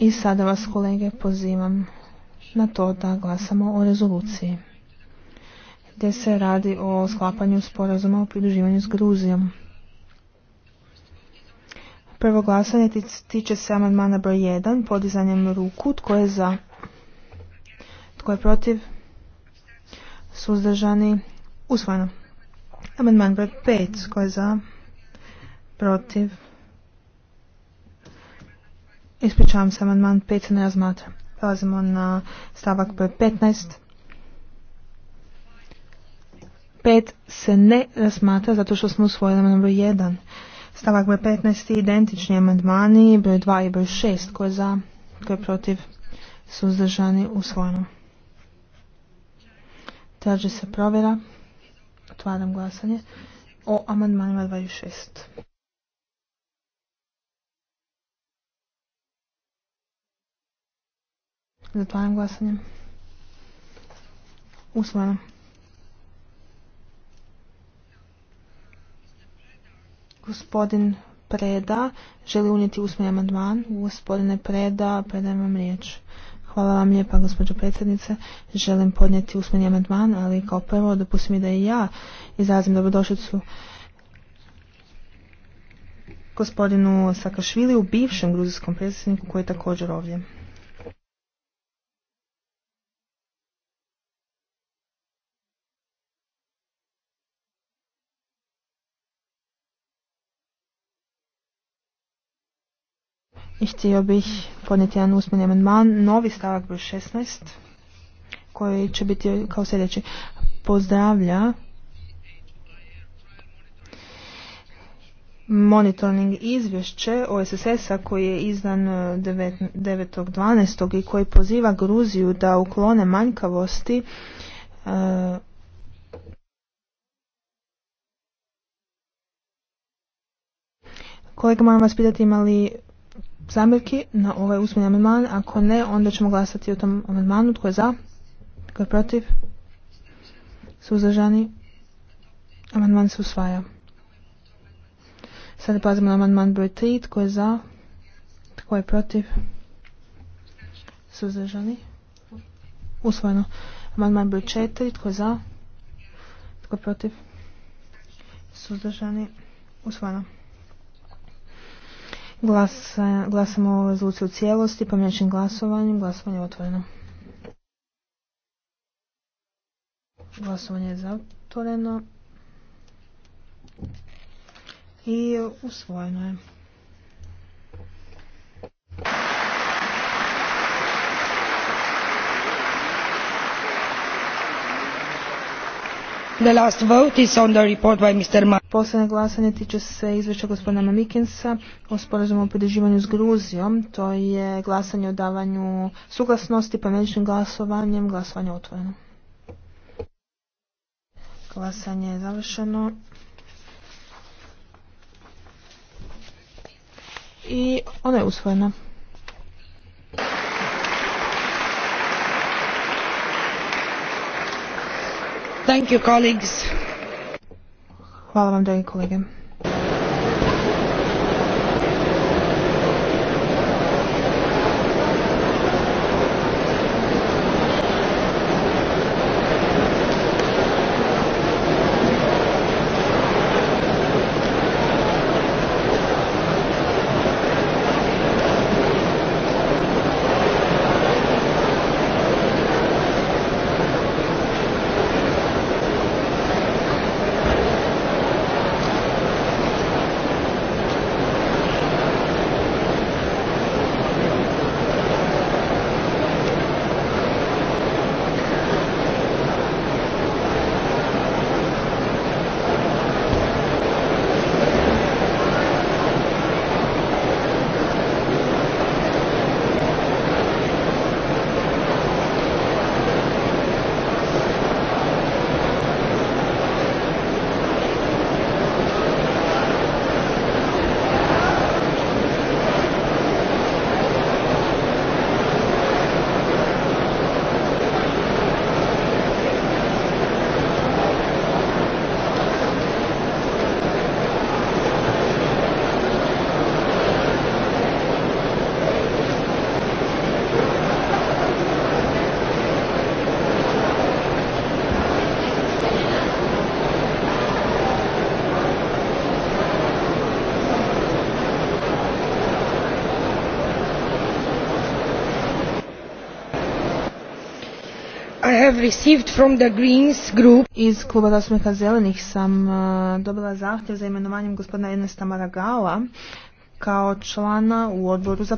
I sada vas kolege pozivam na to da glasamo o rezoluciji gdje se radi o sklapanju sporazuma o pridruživanju s Gruzijom. Prvo glasanje tiče se amandmana broj 1 podizanjem ruku. Tko je za? Tko je protiv? Suzdržani? Usvojeno. Amandman broj 5. Tko je za? Protiv? Ispričavam se, amandman 5 se ne razmatra. Prelazimo na stavak broj 15. 5 se ne razmatra zato što smo usvojili amandman broj 1. Stavak broj 15 i identični amandmani broj 2 i broj 6 koje za, koje protiv su suzdržani usvojeno. Traži se provjera. Otvaram glasanje o amandmanima 26. Zatvaram glasanje. Usvojeno. Gospodin Preda želi unijeti usmeni amandman. Gospodine Preda, predajem vam riječ. Hvala vam lijepa, gospođo predsjednice. Želim podnijeti usmeni amandman, ali kao prvo dopustim mi da i ja izrazim dobrodošlicu gospodinu Sakašvili u bivšem gruzijskom predsjedniku koji je također ovdje. I htio bih podnijeti jedan usmeni amandman, novi stavak broj 16, koji će biti kao sljedeći. Pozdravlja monitoring izvješće OSSS-a koji je izdan 9.12. E, i koji poziva Gruziju da uklone manjkavosti e, Kolega, moram vas pitati ima li zamjerki na ovaj usmeni amandman? Ako ne, onda ćemo glasati o tom amandmanu. Tko je za? Tko je protiv? Suzdržani? Amandman se usvaja. Sada pazimo na amandman broj 3. Tko je za? Tko je protiv? Suzdržani? Usvojeno. Amandman broj 4. Tko je za? Tko je protiv? Suzdržani? Usvojeno glasamo o rezoluciji u cijelosti, pomjećim glasovanjem, glasovanje je otvoreno. Glasovanje je zatvoreno i usvojeno je. The glasanje tiče se izvješća gospodina Mamikinsa o sporazumu o pridruživanju s Gruzijom. To je glasanje o davanju suglasnosti pomeničnim glasovanjem. Glasovanje otvoreno. Glasanje je završeno. I ono je usvojeno. Thank you, Hvala vam, dragi kolege. received from the Greens group. Iz kluba zastupnika zelenih sam e, dobila zahtjev za imenovanjem gospodina Ernesta Maragala kao člana u odboru za